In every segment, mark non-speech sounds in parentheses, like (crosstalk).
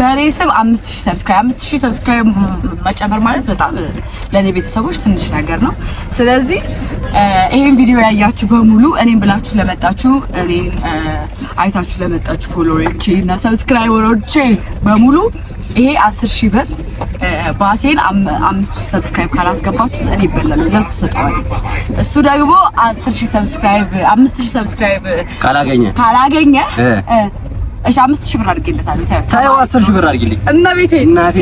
በእኔ ስም አምስት ሺህ ሰብስክራይብ አምስት ሺህ ሰብስክራይብ መጨመር ማለት በጣም ለእኔ ቤተሰቦች ትንሽ ነገር ነው። ስለዚህ ይሄን ቪዲዮ ያያችሁ በሙሉ እኔም ብላችሁ ለመጣችሁ እኔን አይታችሁ ለመጣችሁ ፎሎወሮቼ እና ሰብስክራይበሮቼ በሙሉ ይሄ አስር ሺህ ብር ባሴን አምስት ሺህ ሰብስክራይብ ካላስገባችሁት እኔ ይበላሉ ለሱ ሰጠዋለሁ። እሱ ደግሞ አስር ሺህ ሰብስክራይብ አምስት ሺህ ሰብስክራይብ ካላገኘ ካላገኘ እሺ፣ አምስት ሺህ ብር አድርጌለታለሁ። ታየው አስር ሺህ ብር አድርጌልኝ እና እናቴ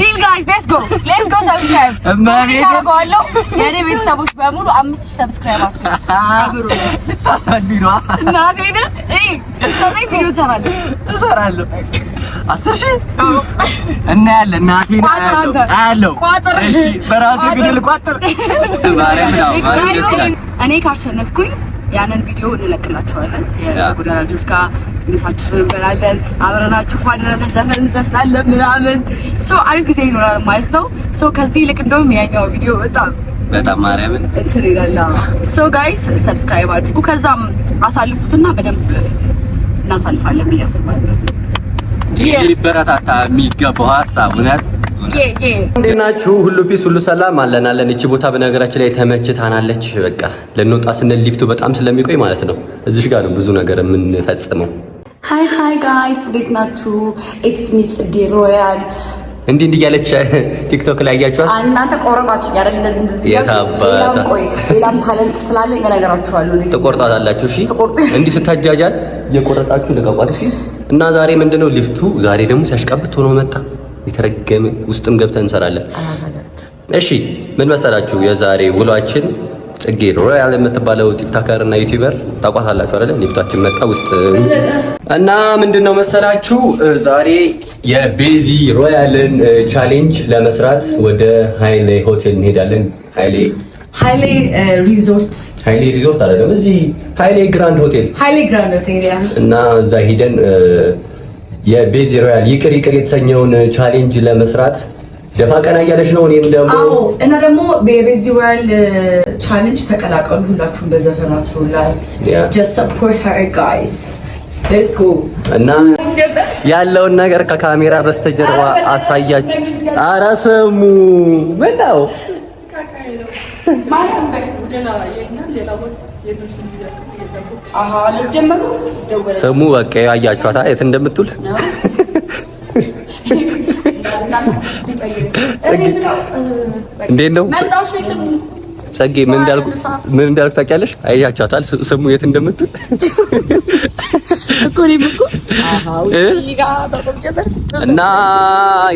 ዲል ጋይስ ሌትስ ጎ ሌትስ ጎ ሰብስክራይብ እና ቤቴ ታደርገዋለሁ። ቤተሰቦች በሙሉ አምስት ሺህ ሰብስክራይብ አስገብሩ እናቴ እይ ስትሰጠኝ ቪዲዮ እሰራለሁ እሰራለሁ አስር ሺህ እና እናቴ አያለው ቋጥር በራሴ ግድል ቋጥር። እኔ ካሸነፍኩኝ ያንን ቪዲዮ እንለቅላችኋለን። የጎዳና ልጆች ጋር ምሳችንን እንበላለን፣ አብረናችሁ ፏድናለን፣ ዘፈን እንዘፍናለን ምናምን ሰው አሪፍ ጊዜ ይኖራል ማለት ነው። ሰው ከዚህ ይልቅ እንደውም ያኛው ቪዲዮ በጣም በጣም ማርያምን እንትን ይላል። ሶ ጋይስ ሰብስክራይብ አድርጉ፣ ከዛም አሳልፉትና በደንብ እናሳልፋለን ብዬ አስባለሁ። ሊበረታታ የሚገባው ሀሳብ እውነት እንዴት ናችሁ? ሁሉ ፒስ፣ ሁሉ ሰላም አለን አለን። እቺ ቦታ በነገራችን ላይ ተመችታናለች። በቃ ልንወጣ ስንል ሊፍቱ በጣም ስለሚቆይ ማለት ነው እዚህ ጋር ነው ብዙ ነገር የምንፈጽመው። ሃይ ሃይ ጋይስ፣ እንዴት ናችሁ? ኢትስ ሚ ጽጌ ሮያል እንዲህ እንዲህ እያለች ቲክቶክ ላይ ያያችኋት እናንተ ቆረጣችሁ ያረል እንደዚህ እንደዚህ ያታባታ ሌላም ታለንት ስላለኝ እነግራችኋለሁ። ትቆርጣታላችሁ። እሺ እንዲህ ስታጃጃል እየቆረጣችሁ ልቀቋት። እሺ። እና ዛሬ ምንድነው ሊፍቱ ዛሬ ደግሞ ሲያሽቃብጥ ሆኖ መጣ። የተረገመ ውስጥም ገብተን እንሰራለን። እሺ፣ ምን መሰላችሁ የዛሬ ውሏችን ጽጌ ሮያል የምትባለው ቲክታከር እና ዩቲዩበር ታቋታላችሁ አይደል? ሊፍታችን መጣ ውስጥ እና ምንድነው መሰላችሁ ዛሬ የቤዚ ሮያልን ቻሌንጅ ለመስራት ወደ ሀይሌ ሆቴል እንሄዳለን። ሀይሌ ሃይሌ ሪዞርት ሃይሌ ሪዞርት አይደለም፣ እዚህ ሃይሌ ግራንድ ሆቴል ሃይሌ ግራንድ ሆቴል እና እዛ ሂደን የቤዚ ሮያል ይቅር ይቅር የተሰኘውን ቻሌንጅ ለመስራት ደፋ ቀና እያለች ነው። እኔም ደግሞ እና ደግሞ የቤዚ ሮያል ቻሌንጅ ተቀላቀሉ። ሁላችሁም በዘፈን አስሩላት። ጀስት ሰፖርት ሄር ጋይስ ሌትስ ጎ። እና ያለውን ነገር ከካሜራ በስተጀርባ አሳያችሁ። ኧረ ስሙ ምነው ስሙ በቃ ያያችኋታ የት እንደምትውል እንዴት ነው? ጸጌ ምን እንዳልኩ ምን እንዳልኩ ታውቂያለሽ? አይያቻታል ስሙ የት እንደምትል እኮ ነው እኮ እና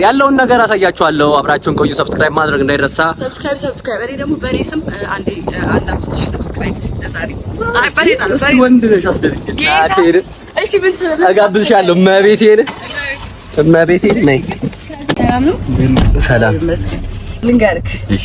ያለውን ነገር አሳያችኋለሁ። አብራችሁን ቆዩ። ሰብስክራይብ ማድረግ እንዳይረሳ። ሰብስክራይብ ሰብስክራይብ። እኔ ደግሞ በሬ ስም አንዴ አንድ አምስት ሺህ ሰብስክራይብ ለዛሬ። አይ በሬ ታለ ዛሬ ወንድ ነሽ አስደርግኝ። አቴር እሺ፣ ምን ትበል አጋብዝሻለሁ። እመቤቴን እመቤቴን ነይ። ሰላም ልንገርክ። እሺ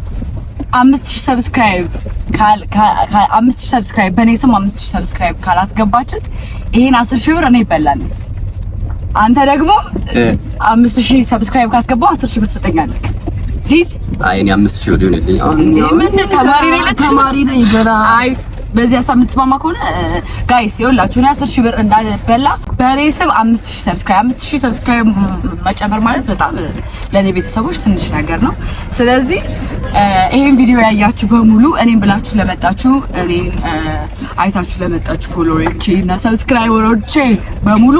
አምስት ሺህ ሰብስክራይብ አምስት ሺህ ሰብስክራይብ በእኔ ስም አምስት ሺህ ሰብስክራይብ ካላስገባችሁት ይሄን አስር ሺህ ብር እኔ ይበላል። አንተ ደግሞ አምስት ሺህ ሰብስክራይብ ካስገባው አስር ሺህ ብር ትሰጠኛለህ። ዲል አይ እኔ አምስት ሺህ ወዲሁ ነኝ። ምን ተማሪ ነኝ ተማሪ ነኝ ገና አይ በዚህ ሀሳብ የምትስማማ ከሆነ ጋይስ ይኸውላችሁ እኔ አስር ሺህ ብር እንዳልበላ በእኔ ስም አምስት ሺህ ሰብስክራይብ አምስት ሺህ ሰብስክራይብ መጨመር ማለት በጣም ለእኔ ቤተሰቦች ትንሽ ነገር ነው። ስለዚህ ይሄን ቪዲዮ ያያችሁ በሙሉ እኔም ብላችሁ ለመጣችሁ እኔን አይታችሁ ለመጣችሁ ፎሎወሮቼ እና ሰብስክራይበሮቼ በሙሉ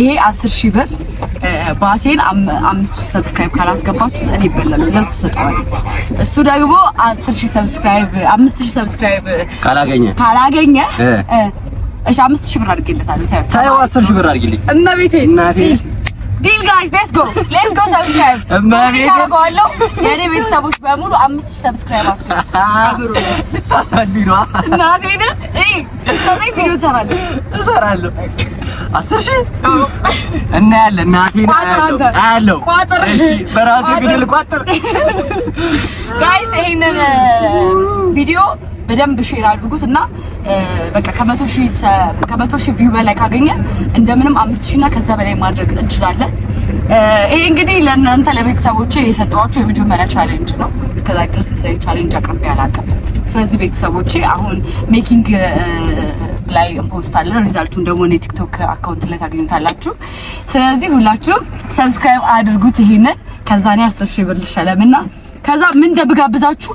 ይሄ አስር ሺህ ብር ባሴን አምስት ሺህ ሰብስክራይብ ካላስገባችሁት እኔ ይበላሉ ለሱ ሰጠዋለሁ። እሱ ደግሞ አስር ሺህ ሰብስክራይብ አምስት ሺህ ሰብስክራይብ ካላገኘ ካላገኘ እሺ አምስት ሺህ ብር አድርጌለታለሁ። ታዩ አስር ሺህ ብር አድርጌልኝ እና ቤቴ ዲል ጋይስ ሌትስ ጎ ሌትስ ጎ ሰብስክራይብ ታደርገዋለሁ። የእኔ ቤተሰቦች በሙሉ አምስት ሺህ ሰብስክራይብ አስገባ። እናቴን እናቴን በደንብ ሼር አድርጉት እና በቃ ከመቶ ሺህ ከመቶ ሺህ ቪው በላይ ካገኘ እንደምንም አምስት ሺህ እና ከዛ በላይ ማድረግ እንችላለን። ይሄ እንግዲህ ለእናንተ ለቤተሰቦች የሰጠኋቸው የመጀመሪያ ቻሌንጅ ነው። እስከዛ ድረስ እንደዚህ ቻሌንጅ አቅርቤ አላውቅም። ስለዚህ ቤተሰቦቼ አሁን ሜኪንግ ላይ ፖስት አለ። ሪዛልቱን ደግሞ እኔ ቲክቶክ አካውንት ላይ ታገኙታላችሁ። ስለዚህ ሁላችሁም ሰብስክራይብ አድርጉት ይሄንን ከዛኔ እኔ አስር ሺህ ብር ልሸለምና ከዛ ምን እንደምጋብዛችሁ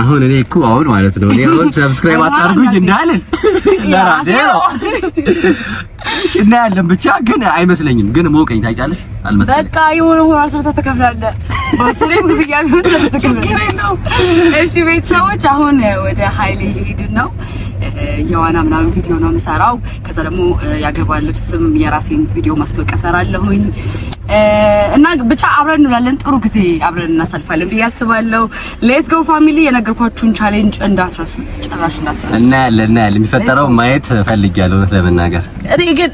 አሁን እኔ እኮ አሁን ማለት ነው እኔ አሁን ሰብስክራይብ አታርጉኝ እንዳልን ለራሴ ነው። እሺ እናያለን ብቻ ግን አይመስለኝም። ግን ሞቀኝ ታውቂያለሽ። አልመሰለኝም። በቃ ይሁን ሆኖ አስርተህ ትከፍላለህ። በስሬም ግፍያ ቢሆን ትከፍላለህ። እሺ ቤተሰቦች አሁን ወደ ኃይሌ እየሄድን ነው የዋና ምናምን ቪዲዮ ነው የምሰራው። ከዛ ደግሞ ያገባ ልብስም የራሴን ቪዲዮ ማስታወቂያ ሰራለሁኝ እና ብቻ አብረን እንውላለን። ጥሩ ጊዜ አብረን እናሳልፋለን ብዬ አስባለሁ። ሌስ ጎ ፋሚሊ። የነገርኳችሁን ቻሌንጅ እንዳስረሱት፣ ጭራሽ እንዳስረሱት። እናያለን እናያለን። የሚፈጠረው ማየት ፈልጊያለሁ። እውነት ለመናገር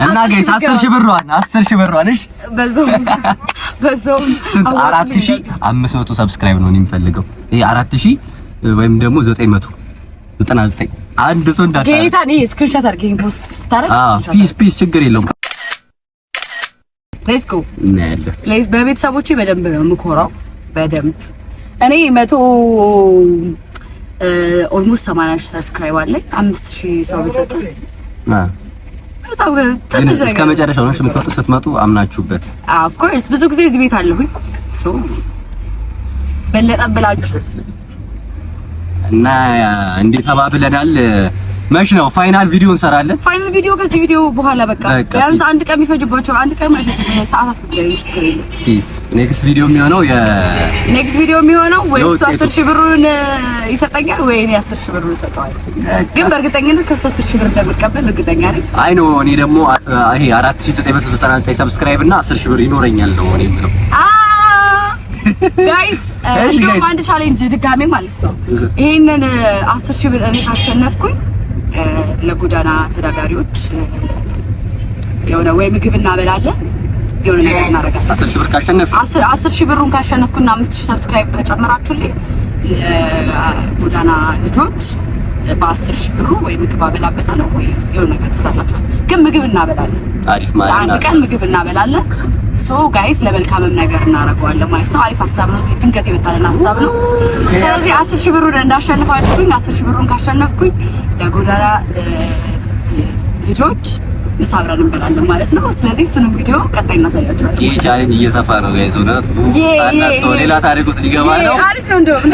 እና ጋይስ አስር ሺህ ብሯን አስር ሺህ ብሯን እሺ፣ በዛው (laughs) በዛው አራት ሺህ አምስት መቶ ሰብስክራይብ ነው የሚፈልገው ይሄ አራት ሺህ ወይም ደግሞ ዘጠኝ መቶ ዘጠና ዘጠኝ አንድ ሰው እንዳታ ጌታ ነኝ። ስክሪንሻት አድርገኝ ፖስት ስታረግ ፒስ ፒስ፣ ችግር የለውም። ሌትስ ጎ እናያለን። ሌትስ በቤተሰቦቼ በደንብ ነው የምኮራው። በደንብ እኔ መቶ ኦልሞስት 80 ሺህ ሰብስክራይብ አለኝ። 5000 ሰው በሰጠ እስከ መጨረሻው ነው የምትመጡት። ስትመጡ አምናችሁበት ኦፍ ኮርስ ብዙ ጊዜ እዚህ ቤት አለሁኝ ሶ ብላችሁ እና እንዴ ተባብለናል። መች ነው ፋይናል ቪዲዮ እንሰራለን። ፋይናል ቪዲዮ ከዚህ ቪዲዮ በኋላ በቃ ቢያንስ አንድ ቀን የሚፈጅባቸው አንድ ቀን ማለት ነው ሰዓታት ጉዳይ ነው፣ ችግር የለም። ፒስ ኔክስት ቪዲዮ የሚሆነው የ ኔክስት ቪዲዮ የሚሆነው ወይ እሱ 10 ሺህ ብሩን ይሰጠኛል ወይ እኔ 10 ሺህ ብሩን እሰጠዋለሁ። ግን በእርግጠኝነት ከሱ 10 ሺህ ብር እንደምቀበል እርግጠኛ ነኝ። አይ ነው እኔ ደግሞ ይሄ 4999 ሰብስክራይብ እና 10 ሺህ ብር ይኖረኛል ነው እኔ የምለው። ጋይስ እንደውም አንድ ቻሌንጅ ድጋሜ ማለት ነው። ይሄንን አስር ሺህ ብር እኔ ካሸነፍኩኝ ለጎዳና ተዳዳሪዎች uh, የሆነ ወይ ምግብ እናበላለን የሆነ ነገር እናደርጋለን። አስር ሺህ ብር ካሸነፍኩ አስር ሺህ ብሩን ካሸነፍኩና አምስት ሺህ ሰብስክራይብ ከጨመራችሁልኝ uh, ጎዳና ልጆች uh, በአስር ሺህ ብሩ ወይ ምግብ አበላበታለሁ ወይ የሆነ ነገር ተዛላችኋል። ግን ምግብ እናበላለን። አሪፍ ማለት ነው። አንድ ቀን ምግብ እናበላለን። ሶ ጋይዝ ለመልካምም ነገር እናደርገዋለን ማለት ነው። አሪፍ ሀሳብ ነው። እዚህ ድንገት የመጣለን ሀሳብ ነው። ስለዚህ አስር ሺህ ብሩን እንዳሸንፍ አድርጉኝ። አስር ሺህ ብሩን ካሸነፍኩኝ ለጎዳና ልጆች ምሳ አብረን እንበላለን ማለት ነው። ስለዚህ እሱንም ቪዲዮ ቀጣይ እናሳያችኋለን። ይህ ቻሌንጅ እየሰፋ ነው ጋይዝ። እውነት ሰው ሌላ ታሪክ ውስጥ ሊገባ ነው። አሪፍ ነው። እንደውም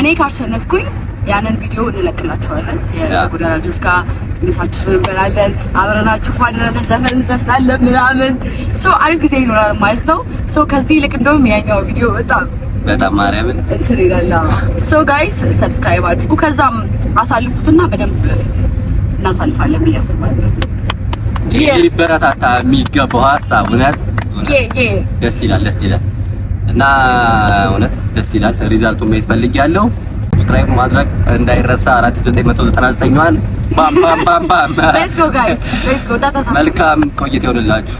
እኔ ካሸነፍኩኝ ያንን ቪዲዮ እንለቅላችኋለን የጎዳና ልጆች ጋር ምሳችንን እንበላለን፣ አብረናችሁ ፏድረን ዘፈን እንዘፍናለን ምናምን ሰው አሪፍ ጊዜ ይኖራል ማለት ነው። ሰው ከዚህ ይልቅ እንደውም ያኛው ቪዲዮ በጣም በጣም ማርያምን እንትን ይላል። ሰው ጋይስ ሰብስክራይብ አድርጉ፣ ከዛም አሳልፉትና በደንብ እናሳልፋለን ብዬ አስባለሁ። ሊበረታታ የሚገባው ሀሳብ እውነት ደስ ይላል፣ ደስ ይላል እና እውነት ደስ ይላል። ሪዛልቱ ማየት ፈልጌያለሁ። ሰብስክራይብ ማድረግ እንዳይረሳ። 4999ን ባም ባም ባም ባም። ሌትስ ጎ ጋይስ ሌትስ ጎ። ዳታ መልካም ቆይት ይሁንላችሁ።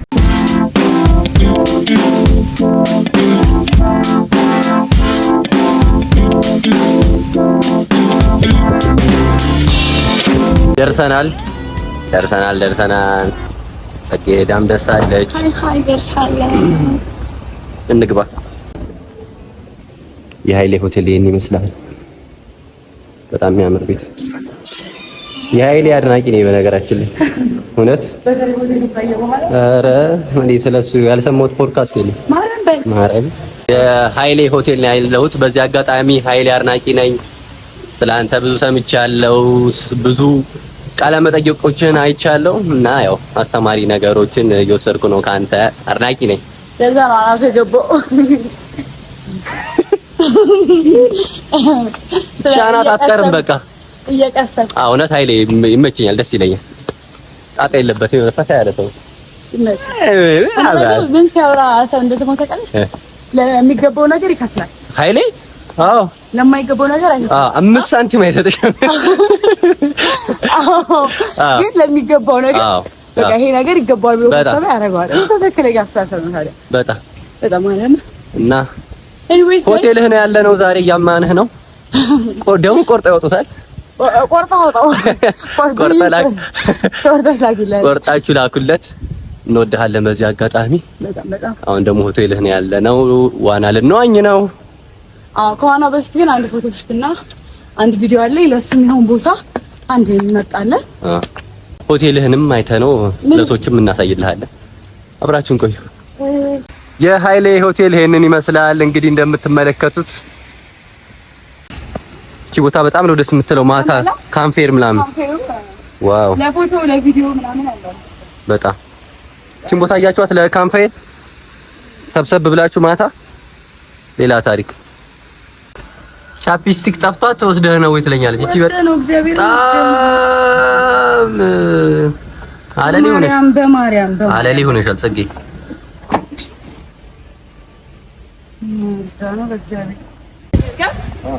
ደርሰናል ደርሰናል ደርሰናል። ጸጌ ዳም ደርሳለች። እንግባ። የሀይሌ ሆቴል ይህን ይመስላል። በጣም የሚያምር ቤት የኃይሌ አድናቂ ነኝ። በነገራችን ላይ እውነት ኧረ እኔ ስለሱ ያልሰማሁት ፖድካስት የለም። ማረም የሀይሌ ሆቴል ነው ያለሁት። በዚህ አጋጣሚ ሀይሌ አድናቂ ነኝ። አንተ ብዙ ሰምቻለሁ። ብዙ ቃለ መጠየቆችን አይቻለሁ እና ያው አስተማሪ ነገሮችን እየወሰድኩ ነው ከአንተ። አድናቂ ነኝ። ለዛ ነው አናቱ የገባው ሻናት አትቀርም። በቃ እየቀሰም እውነት ኃይሌ ይመቸኛል፣ ደስ ይለኛል። ጣጣ የለበት የሆነ ፈታ ያለ ሰው ምን ሲያወራ ሰው ለሚገባው ነገር ይከፍላል ኃይሌ። አዎ ለማይገባው ነገር አይደለም። አምስት ሳንቲም አይሰጥሽም። አዎ ግን ለሚገባው ነገር በቃ ይሄ ነገር ይገባዋል ብሎ ሰበ ያደርገዋል። ተተክለኛ አስተሳሰብ ነው ታዲያ በጣም በጣም ማለት ነው እና ሆቴልህ ነው ያለነው ዛሬ እያማንህ ነው ደግሞ ቆርጠው ያወጡታል። ቆርጣችሁ ላኩለት። እንወድሃለን። በዚህ አጋጣሚ አሁን ደግሞ ሆቴልህ ነው ያለ ነው። ዋና ልንዋኝ ነው። አዎ፣ ከዋናው በፊት ግን አንድ ፎቶ ሽትና አንድ ቪዲዮ አለ። ለሱም ይሁን ቦታ አንድ እንመጣለን። ሆቴልህንም ነው ለሶችም እናሳይልሃለን። አብራችሁን ቆዩ። የሀይሌ ሆቴል ይሄንን ይመስላል እንግዲህ እንደምትመለከቱት እቺ ቦታ በጣም ነው ደስ የምትለው። ማታ ካንፌር ምናምን ዋው፣ ለፎቶ ለቪዲዮ ምናምን አለው። በጣም እቺ ቦታ እያቸዋት ለካንፌር ሰብሰብ ብላችሁ ማታ ሌላ ታሪክ። ቻፒስቲክ ጠፍቷት ተወስደህ ነው ወይ ትለኛለች። እቺ በጣም አለሊ ሆነሽ በማርያም አለሌ ሆነሻል ፅጌ ነው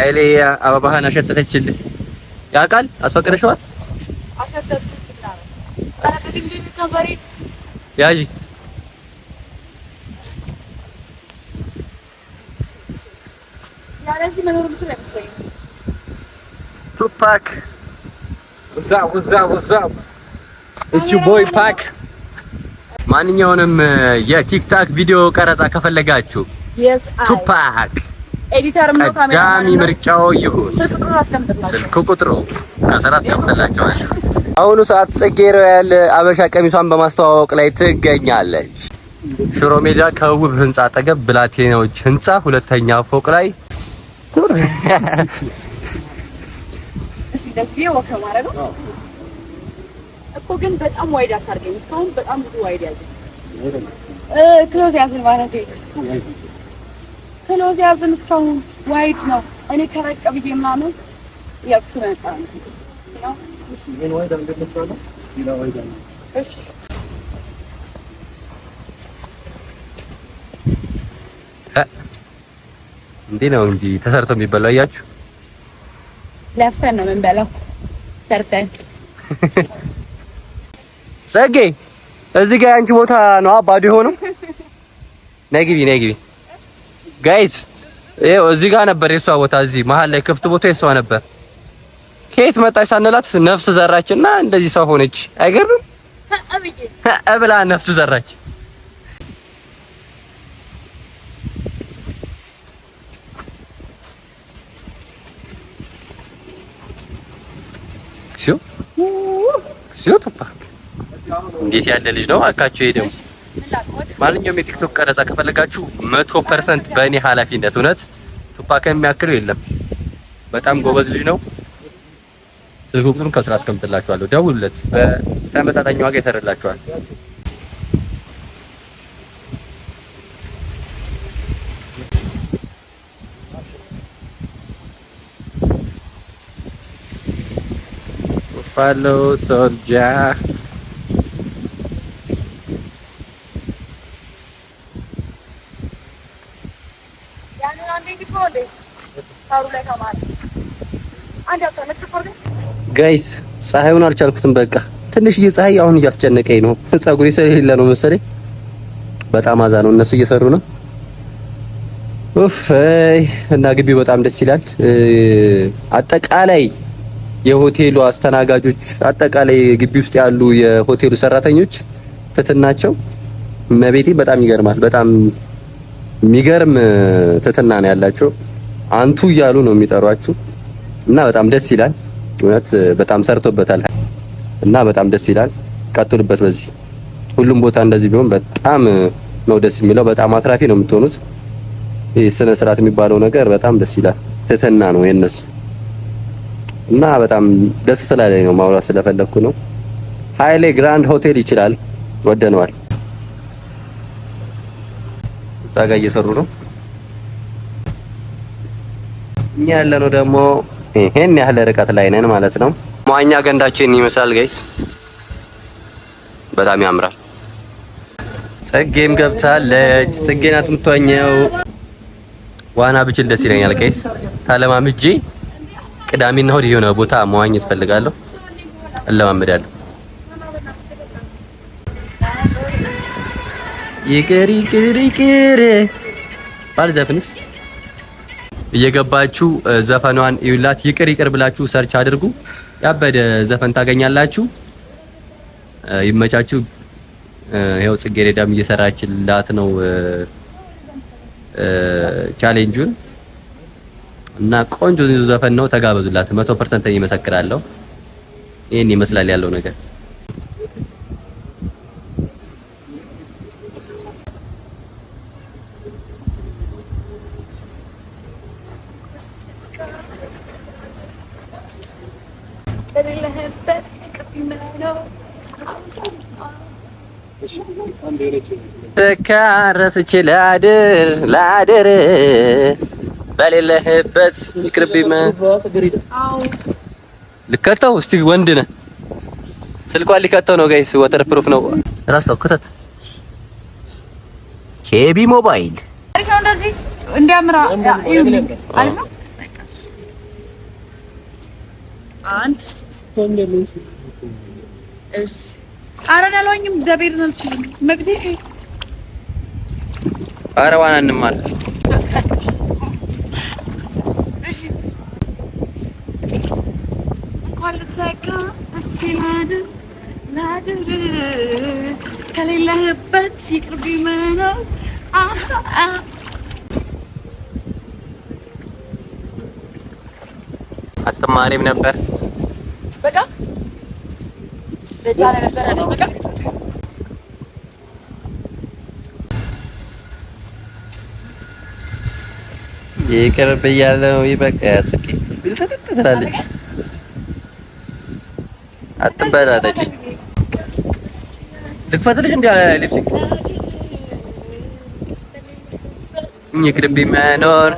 አይሌ አበባህን አሸተተችልህ። ያውቃል አስፈቅደሽዋል? ያዥ ቱፓክ ቦይ ፓክ። ማንኛውንም የቲክታክ ቪዲዮ ቀረጻ ከፈለጋችሁ ቱፓክ ቀዳሚ ምርጫው ይሁን። ስልክ ቁጥሩ ከስራ አስቀምጥላቸዋል። አሁኑ ሰዓት ጽጌ ሮያል አበሻ ቀሚሷን በማስተዋወቅ ላይ ትገኛለች። ሽሮ ሜዳ ከውብ ህንጻ አጠገብ ብላቴናዎች ህንጻ ሁለተኛ ፎቅ ላይ በጣም ስለዚህ ያዝን እስካሁን ዋይድ ነው። እኔ ከረቀ ብዬ ምናምን ያሱ ነጻ ነው። እንዴ ነው እንጂ ተሰርቶ የሚበላው እያችሁ ለፍተን ነው የምንበላው። ሰርተን ጸጌ፣ እዚህ ጋር አንቺ ቦታ ነው ባዶ የሆነው። ነይ ግቢ፣ ነይ ግቢ ጋይዝ ይኸው እዚህ ጋር ነበር የሷ ቦታ፣ እዚህ መሀል ላይ ክፍት ቦታ የእሷ ነበር። ከየት መጣች ሳንላት ነፍስ ዘራች እና እንደዚህ ሰው ሆነች። አይገርም? ብላ ነፍስ ዘራች። እንዴት ያለ ልጅ ነው አካቸው ይሄ ደግሞ ማንኛውም የቲክቶክ ቀረጻ ከፈለጋችሁ መቶ ፐርሰንት በእኔ ኃላፊነት። እውነት ቱፓክ የሚያክለው የለም። በጣም ጎበዝ ልጅ ነው። ስልክ ቁጥሩን ከስራ አስቀምጥላችኋለሁ። ደውሉለት፣ በተመጣጣኝ ዋጋ ይሰርላችኋል። ፋሎ ሶልጃ ጋይስ ፀሐዩን አልቻልኩትም። በቃ ትንሽዬ ፀሐይ አሁን እያስጨነቀኝ ነው። ፀጉሬ ስለሌለ ነው መሰለኝ። በጣም አዛ ነው። እነሱ እየሰሩ ነው። ኡፍ እና ግቢው በጣም ደስ ይላል። አጠቃላይ የሆቴሉ አስተናጋጆች፣ አጠቃላይ ግቢ ውስጥ ያሉ የሆቴሉ ሰራተኞች ትትናቸው መቤቴ በጣም ይገርማል። በጣም የሚገርም ትትና ነው ያላቸው። አንቱ እያሉ ነው የሚጠሯችሁ። እና በጣም ደስ ይላል። እውነት በጣም ሰርቶበታል እና በጣም ደስ ይላል። ቀጥሉበት በዚህ ሁሉም ቦታ እንደዚህ ቢሆን በጣም ነው ደስ የሚለው። በጣም አትራፊ ነው የምትሆኑት። ይህ ስነ ስርዓት የሚባለው ነገር በጣም ደስ ይላል። ትህትና ነው የነሱ እና በጣም ደስ ስላለኝ ነው ማውራት ስለፈለኩ ነው። ሀይሌ ግራንድ ሆቴል ይችላል። ወደነዋል። እዛ እየሰሩ ነው። እኛ ያለነው ደግሞ ይሄን ያህል ርቀት ላይ ነን ማለት ነው። መዋኛ ገንዳችን ይመስላል ጋይስ፣ በጣም ያምራል። ጽጌም ገብታለች። ጽጌ ናት የምትዋኘው። ዋና ብችል ደስ ይለኛል ጋይስ። ታለማምጄ ቅዳሜና እሁድ የሆነ ቦታ መዋኘት እፈልጋለሁ፣ እለማመዳለሁ። ይቅር ይቅር ይቅር ባል እየገባችሁ ዘፈኗን ይውላት ይቅር ይቅር ብላችሁ ሰርች አድርጉ። ያበደ ዘፈን ታገኛላችሁ። ይመቻችሁ። ይኸው ጽጌረዳም እየሰራችላት ነው ቻሌንጁን እና ቆንጆ ዘፈን ነው። ተጋበዙላት። መቶ ፐርሰንት እመሰክራለሁ። ይሄን ይመስላል ያለው ነገር። ረስቼ ላድር ላድር በሌለህበት ይቅርብኝ። ልከተው እስቲ ወንድ ነህ። ስልኳን ሊከተው ነው ጋይስ። ወተር ፕሩፍ ነው። ራስተው ክተት። ኬቢ ሞባይል አሪፍ ነው። እንደዚህ እንዲያምራ አሪፍ ነው። አንድ አረን አልዋኝም። እግዚአብሔርን አልችልም መብቴ ኧረ ዋና እንማር። ከሌለህበት ይቅርብ መኖር አትማሪም ነበር በቃ በጃለ ነበር በቃ ಏಕರ ಬೆಯ್ಯಾದ ಒಯ್ಬೇಕು ಹಸಕ್ಕೆ ಇಲ್ಸದಿರ್ತದಲ್ಲ ಅಲ್ಲಿ ಹತ್ತು ಬೇಡ ಅದಕ್ಕೆ ಲಿಪ್ ಫಸಲಿಷನ್ lipstick Ini krim di menor.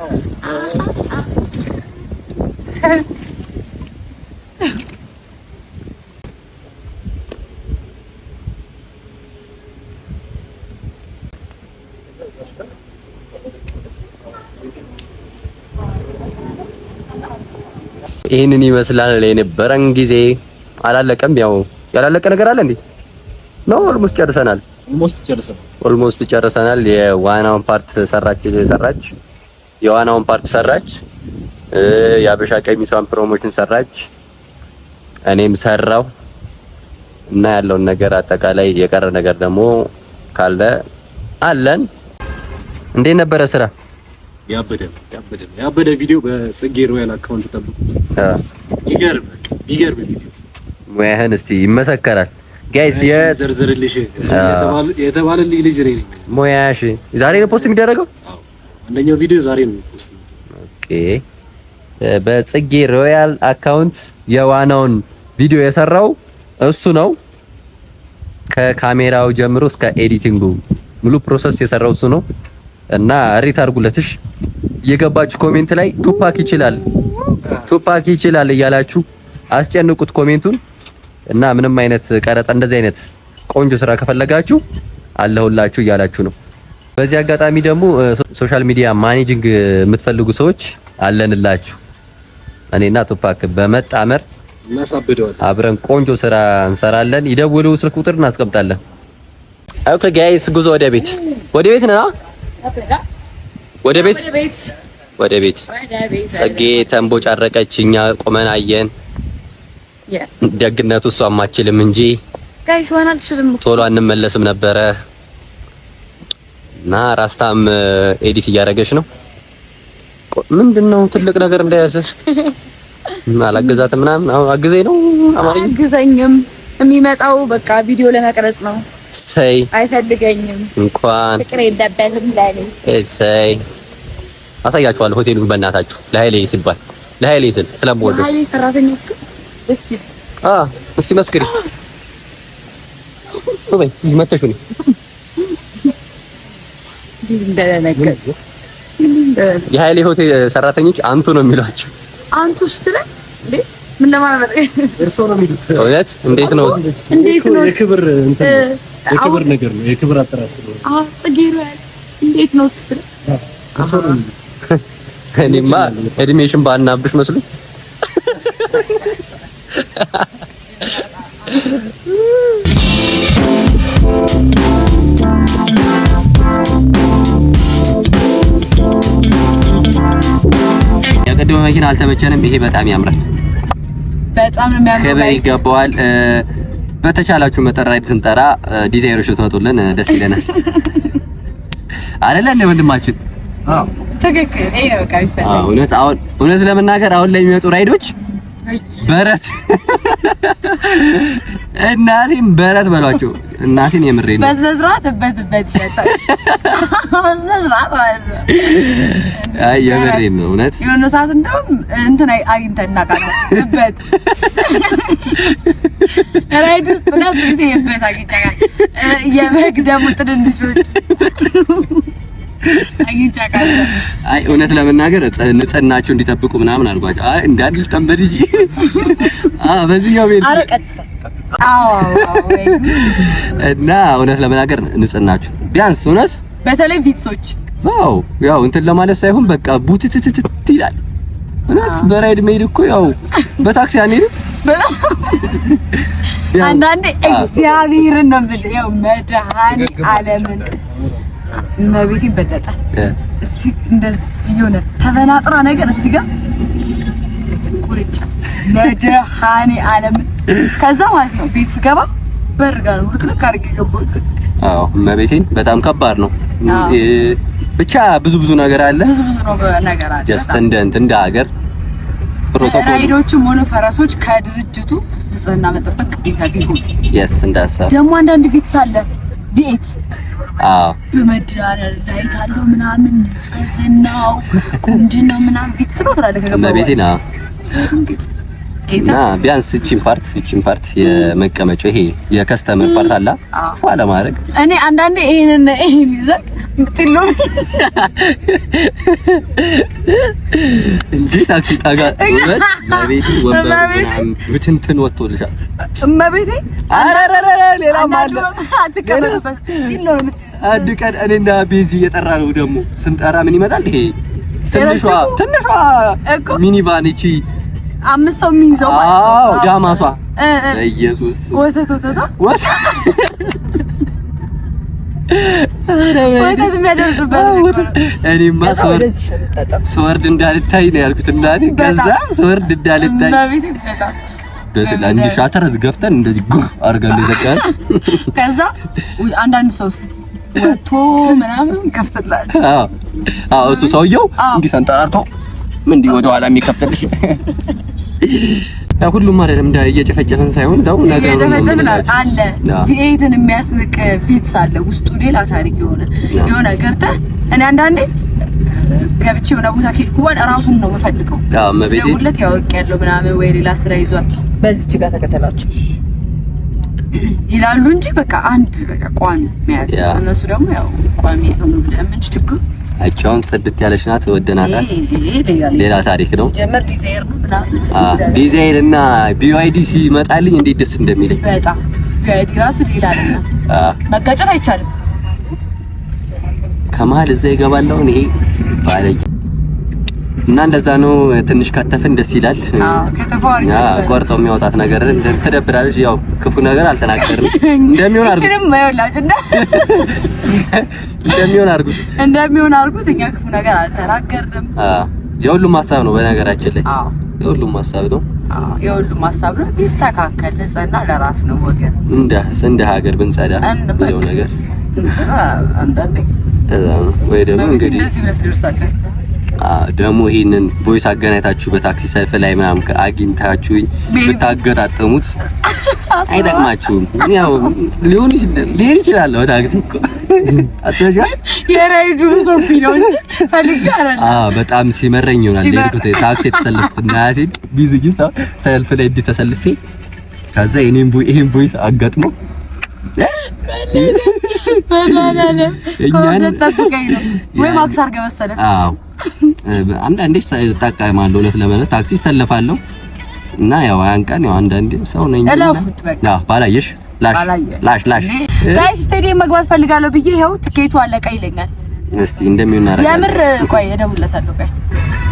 ይህንን ይመስላል የነበረን ጊዜ። አላለቀም። ያው ያላለቀ ነገር አለ እንዴ? ነው ኦልሞስት ጨርሰናል። ኦልሞስት ጨርሰናል። ኦልሞስት ጨርሰናል። የዋናውን ፓርት ሰራች ሰራች የዋናውን ፓርት ሰራች። የአበሻ ቀሚሷን ፕሮሞሽን ሰራች። እኔም ሰራው እና ያለውን ነገር አጠቃላይ የቀረ ነገር ደግሞ ካለ አለን። እንዴት ነበረ ስራ? ያበደ ያበደ ያበደ ቪዲዮ በጽጌ ሮያል አካውንት ተጠብቁ። ይገርም ይገርም ቪዲዮ ሙያህን እስቲ ይመሰከራል። ጋይስ የዘርዝርልሽ የተባለልኝ ልጅ ነኝ። ሙያሽ ዛሬ ነው ፖስት የሚደረገው። አንደኛው ቪዲዮ ዛሬ ነው ፖስት። ኦኬ በጽጌ ሮያል አካውንት የዋናውን ቪዲዮ የሰራው እሱ ነው። ከካሜራው ጀምሮ እስከ ኤዲቲንጉ ሙሉ ፕሮሰስ የሰራው እሱ ነው። እና ሪት አድርጉለትሽ የገባችሁ ኮሜንት ላይ ቱፓክ ይችላል ቱፓክ ይችላል እያላችሁ አስጨንቁት ኮሜንቱን። እና ምንም አይነት ቀረጻ እንደዚህ አይነት ቆንጆ ስራ ከፈለጋችሁ አለሁላችሁ እያላችሁ ነው። በዚህ አጋጣሚ ደግሞ ሶሻል ሚዲያ ማኔጂንግ የምትፈልጉ ሰዎች አለንላችሁ። እኔና ቱፓክ በመጣመር አብረን ቆንጆ ስራ እንሰራለን። ይደውሉ፣ ስልክ ቁጥር እናስቀምጣለን። ኦኬ ጋይስ፣ ጉዞ ወደ ቤት ወደ ቤት ነው። ወደ ቤት ወደ ቤት ጸጌ ተንቦ ጨረቀች። እኛ ቆመን አየን። ደግነቱ እሷም አችልም እንጂ ቶሎ አንመለስም ነበረ እና ራስታም ኤዲት እያደረገች ነው። ምንድነው ትልቅ ነገር እንደያዘ (laughs) አላገዛትም ምናምን። አግዘኝ ነው አማርኛ አግዘኝም የሚመጣው በቃ ቪዲዮ ለመቅረጽ ነው እሰይ አይፈልገኝም እንኳን ፍቅር የለበትም ለኔ እሰይ አሳያችኋለሁ ሆቴሉን በእናታችሁ ለኃይሌ ሲባል ለኃይሌ ስል ስለምወደው ለኃይሌ ሰራተኛ እስኪ ደስ አ እስቲ መስክሪ ወይ ይመተሹ ነው የኃይሌ ሆቴል ሰራተኞች አንቱ ነው የሚሏቸው አንቱ ስትለ እንዴ ምን ለማለት እርሶ ነው የሚሉት እውነት እንዴት ነው እንዴት ነው የክብር እንትን የክብር ነገር ነው። የክብር አጥራት ነው። አዎ፣ ጽጌሩ ያለ እንዴት ነው ስትል እኔማ እድሜሽን ባናብሽ መስሉ የቀደመ መኪና አልተመቸንም። ይሄ በጣም ያምራል። በጣም ነው የሚያምረው። ክብር ይገባዋል። በተቻላችሁ መጠን ራይድ ስንጠራ ዲዛይነሮች ትመጡልን ደስ ይለናል። (laughs) አይደለ እንደ ወንድማችን ትክክል። እውነት ለመናገር አሁን ላይ የሚመጡ ራይዶች በረት እናቴን በረት በሏቸው። እናቴን የምሬ ነው። በስነ ስርዓት በት ይሸጣል። ነው። የምሬ ነው። እውነት የሆነ ሰዓት እንደውም እንትን አግኝተን እናውቃለን። በት ራይድ ውስጥ ነበር። የበት አግኝቻለሁ። የበግ ደግሞ አይ እውነት ለመናገር ንጽህናቸው እንዲጠብቁ ምናምን አድርጓቸው። አይ እንዳልል ተንበድ እንጂ አዎ፣ በዚህኛው ቤት ኧረ ቀጥታ አዎ። እና እውነት ለመናገር ንጽህናቸው ቢያንስ እውነት በተለይ ቪትሶች አዎ፣ ያው እንትን ለማለት ሳይሆን በቃ ቡትትትት ይላል። እውነት በራይድ መሄድ እኮ ያው በታክሲ አንሄድም። አንዳንዴ እግዚአብሔርን ነው የምልህ ያው መድኃኔ ዓለምን መቤት ይበለጣል። እስቲ እንደዚህ የሆነ ተፈናጥራ ነገር እስቲ ጋር ቁርጫ መድኃኔ ዓለም ከዛ ማለት ነው ቤት ስገባ በር ጋር አድርጌ አዎ መቤቴን በጣም ከባድ ነው። ብቻ ብዙ ብዙ ነገር አለ፣ ብዙ ብዙ ነገር አለ። ጀስት እንደ እንትን እንደ ሀገር ፕሮቶኮል ራይዶችም ሆነ ፈረሶች ከድርጅቱ ንጽህና መጠበቅ ግዴታ ቢሆን የስ ደግሞ አንዳንድ ቤትስ አለ ቤት በመደራደር ላይ አለው ምናምን ንጽህናው፣ ቁንጅና ምናምን ቤት ስለው ትላለህ። ከገባ ቤቴ ና እና ቢያንስ እቺን ፓርት እቺን ፓርት የመቀመጫው ይሄ የከስተመር ፓርት አላ ፏ ለማድረግ እኔ አንዳንዴ ይሄንን ይሄን ይዘህ እንዴ ታክሲ ጣጋ ቤት ወንበር ብትንትን ወጥቶልሻል። እመቤቴ ሌላ እየጠራ ነው ደግሞ ስንጠራ ምን ይመጣል? ይሄ ትንሿ ትንሿ ሚኒቫን እቺ አምስት ሰው የሚይዘው አዎ፣ ዳማሷ ኢየሱስ ወተት ወተት እኔማ ስወርድ እንዳልታይ ነው ያልኩት። እናቴ ከዛ ስወርድ እንዳልታይ በስላ እንዲህ ሻተር ገፍተን እንደዚህ ጉር አድርጋለሁ የዘጋት። ከዛ አንዳንድ ሰውስ ወጥቶ ምናምን ከፍትላት። አዎ እሱ ሰውየው እንዲህ ተንጠራርቶ እንዲህ ወደኋላ የሚከፍትልሽ ያ ሁሉም አይደለም እንደ እየጨፈጨፈን ሳይሆን ዳው ነገር ነው አለ ቪኤትን የሚያስንቅ ፊትስ አለ ውስጡ ሌላ ታሪክ የሆነ የሆነ ገብተህ እኔ አንዳንዴ ገብቼ የሆነ ቦታ ከሄድኩ በኋላ ራሱን ነው የምፈልገው። ደውለት ያወርቅ ያለው ምናምን ወይ ሌላ ስራ ይዟል በዚች ጋር ተከተላችሁ ይላሉ እንጂ በቃ አንድ በቃ ቋሚ መያዝ እነሱ ደግሞ ያው ቋሚ ነው ብለህ ምን ችግር አቻውን ጽድት ያለች ናት፣ ወደናታል። ሌላ ታሪክ ነው። ጀመር ዲዛይር ነው ምናምን ዲዛይር እና ቢዋይዲ ሲመጣልኝ እንዴት ደስ እንደሚለኝ በጣም ቢዋይዲ ራሱ ሌላ ነው። መጋጨት አይቻልም። ከመሀል እዛ ይገባለሁ ይሄ ባለኝ እና እንደዛ ነው። ትንሽ ከተፍን ደስ ይላል። ቆርጦ የሚያወጣት ነገር ትደብራለች። ያው ክፉ ነገር አልተናገርም። (laughs) እንደሚሆን አርጉት፣ (laughs) እንደሚሆን አርጉት፣ እንደሚሆን አርጉት። እኛ ክፉ ነገር አልተናገርም። የሁሉም ሀሳብ ነው በነገራችን ላይ የሁሉም ሀሳብ ነው። የሁሉም ሀሳብ ነው። ቢስተካከል ጸና ለራስ ነው ወገን። እንደ እንደ ሀገር ብንጸዳ ብለው ነገር ወይ ደግሞ እንግዲህ እንደዚህ ደግሞ ይሄንን ቮይስ አገናኝታችሁ በታክሲ ሰልፍ ላይ ምናምን አግኝታችሁኝ ብታገጣጠሙት አይጠቅማችሁም። ያው ሊሆን ይችላል ሊሆን ይችላል ነው እኮ የራይዱ ነው እንጂ ፈልጌ አይደለም። አዎ በጣም ሲመረኝ ይሆናል ለልኩት ታክሲ የተሰለፍኩት እናቴን ብዙ ጊዜ ሰልፍ ላይ እንዲህ ተሰልፌ ከዛ የኔን ቦይ ይሄን ቦይስ አጋጥሞ እኛን ጠብቀኝ ነው ወይ ማክስ አድርገህ መሰለህ? አዎ አንዳንዴ እጠቀማለሁ። እለት ለመለት ታክሲ እሰልፋለሁ እና ያው አንቀን ቀን ያው አንዳንዴ ሰው ነኝ እለፉት በቃ ባላየሽ ላሽ ላሽ ላሽ ጋይስ ስቴዲየም መግባት ፈልጋለሁ ብዬ ይኸው ትኬቱ አለቀ ይለኛል። እስቲ እንደሚሆን አረጋ የምር ቆይ እደውልለታለሁ። ቆይ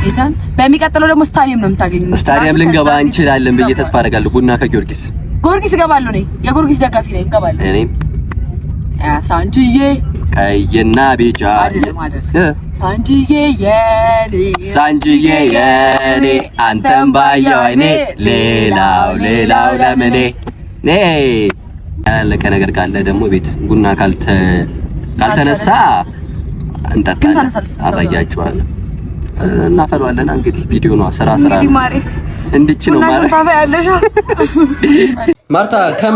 ጌታን በሚቀጥለው ደግሞ ስታዲየም ነው የምታገኙ። ስታዲየም ልንገባ እንችላለን ብዬ ተስፋ አደርጋለሁ። ቡና ከጊዮርጊስ ጊዮርጊስ እገባለሁ ነኝ። የጊዮርጊስ ደጋፊ ነኝ። እንገባለን እኔም ሳንቺዬ ቀይና ቢጫ ሳንጅዬ የኔ ሳንጅዬ የኔ አንተም ባየው አይኔ ሌላው ሌላው ለምኔ ያላለቀ ነገር ካለ ደግሞ ቤት ቡና ካልተነሳ እንጠጣለን፣ አሳያችኋለሁ፣ እናፈሏለን። እንግዲህ ቪዲዮ ነው ስራ ስራ እንድች ነው ማለት (laughs) ማርታ ከም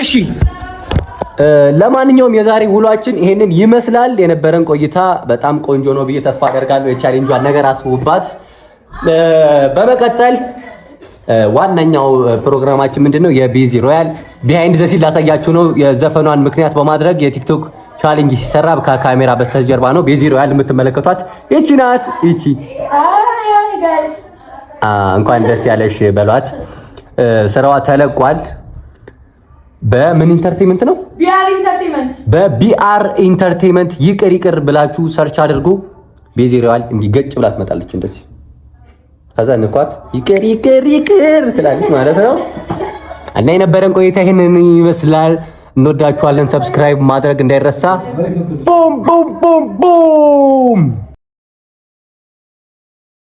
እሺ ለማንኛውም የዛሬ ውሏችን ይሄንን ይመስላል። የነበረን ቆይታ በጣም ቆንጆ ነው ብዬ ተስፋ አደርጋለሁ። የቻሌንጇን ነገር አስቡባት። በመቀጠል ዋነኛው ፕሮግራማችን ምንድነው? የቢዚ ሮያል ቢሃይንድ ዘ ላሳያችሁ ነው። የዘፈኗን ምክንያት በማድረግ የቲክቶክ ቻሌንጅ ሲሰራ ከካሜራ በስተጀርባ ነው። ቢዚ ሮያል የምትመለከቷት ይቺ ናት። ይቺ እንኳን ደስ ያለሽ በሏት። ስራዋ ተለቋል። በምን ኢንተርቴንመንት ነው? በቢአር ኢንተርቴንመንት ይቅር ይቅር ብላችሁ ሰርች አድርጉ። ቤዜሪዋል እንዲህ ብላ ትመጣለች እንደዚህ። ከዛ ንኳት ይቅር ይቅር ይቅር ትላለች ማለት ነው። እና የነበረን ቆይታ ይህንን ይመስላል። እንወዳችኋለን። ሰብስክራይብ ማድረግ እንዳይረሳ። ቡም ቡም ቡም ቡም